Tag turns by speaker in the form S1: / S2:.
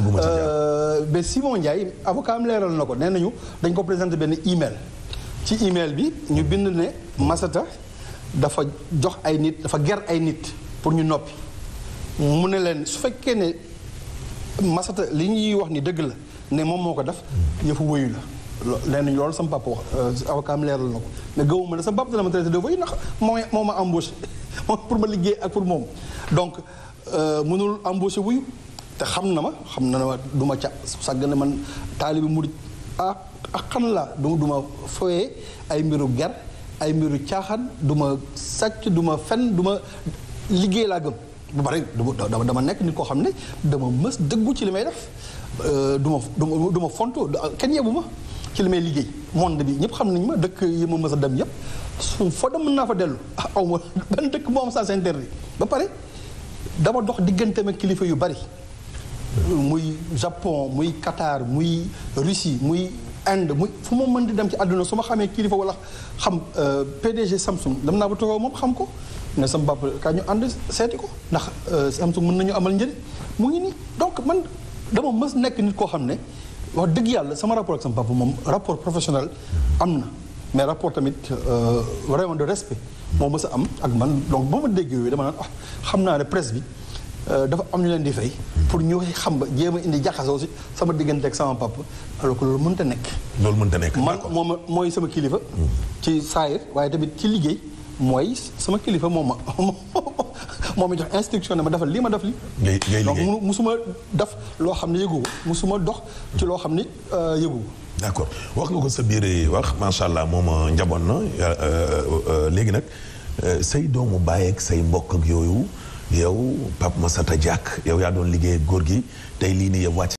S1: bëgguma euh, sax Simon Ndiaye avocat am leeral na ko nee nañu dañ ko présenté benn email ci email bi ñu bind ne Massata dafa jox ay nit dafa ger ay nit pour ñu noppi mu ne leen su fekkee ne Massata li ñuy wax ni dëgg la ne moom moo ko def yëfu wëyu la leen nañu loolu sama papa wax euh, avocat am leeral na ko mais gëwuma ne sama papa dana ma traité de wëyu ndax mooy moo ma embauché pour ma liggéey ak pour moom donc euh, mënul embauché wuyu te xam na ma xam na ma duma ma ca sàggane man taalibi murit ah ak ah, xan la du duma foyee ay mbiru ger ay mbiru caaxaan du ma sàcc duma ma fen du ma liggéey laa gëm bu bari dama dama nekk nit koo xam ne dama mës dëggu ci li may def euh, du ma du ma fontu kenn yebu ma ci li may liggéey monde bi ñëpp xam nañu ma dëkk yi ma mës a dem yëpp su foo mën naa fa dellu ah aw ma moo am sens ba pare dama dox diggante ma kilifa yu bari muy Japon muy Qatar muy Russie muy Inde muy fu ma mën di dem ci àdduna su ma xamee kilifa wala xam euh, PDG Samsung dem naa ba toogoo moom xam ko ne sama bàpp kaa ñu ànd seeti ko ndax euh, Samsung mën nañu amal njëriñ mu ngi nii donc man dama mës nekk nit koo xam ne wax dëgg yàlla sama rapport ak sama papa moom rapport professionnel am na mais rapport tamit euh, vraiment de respect moo mës a am ak man donc ba ma déggee dama naan ah, xam naa ne presse bi Euh, dafa am ñu leen di fay pour ñu xam ba jéem a indi jaxasoo si sama diggante ak sama papa alors que loolu mënta nekk. loolu mënta nekk man moom mooy sama kilifa. Hmm. ci saayir waaye tamit ci liggéey mooy sama kilifa moom ma moom ma jox instruction ne ma defal lii ma def li ngay ngay liggéey donc musuma def loo xam ne yëgu musuma dox ci loo xam ne euh, yëgu d' accord wax nga ko sa biir wax macha allah moom euh, njaboot na léegi nag say doomu bàyyeek say mbokk ak yooyu. yow Pape Massata Diack yow yaa doon liggéey góor gi tey lii nii yow wàcc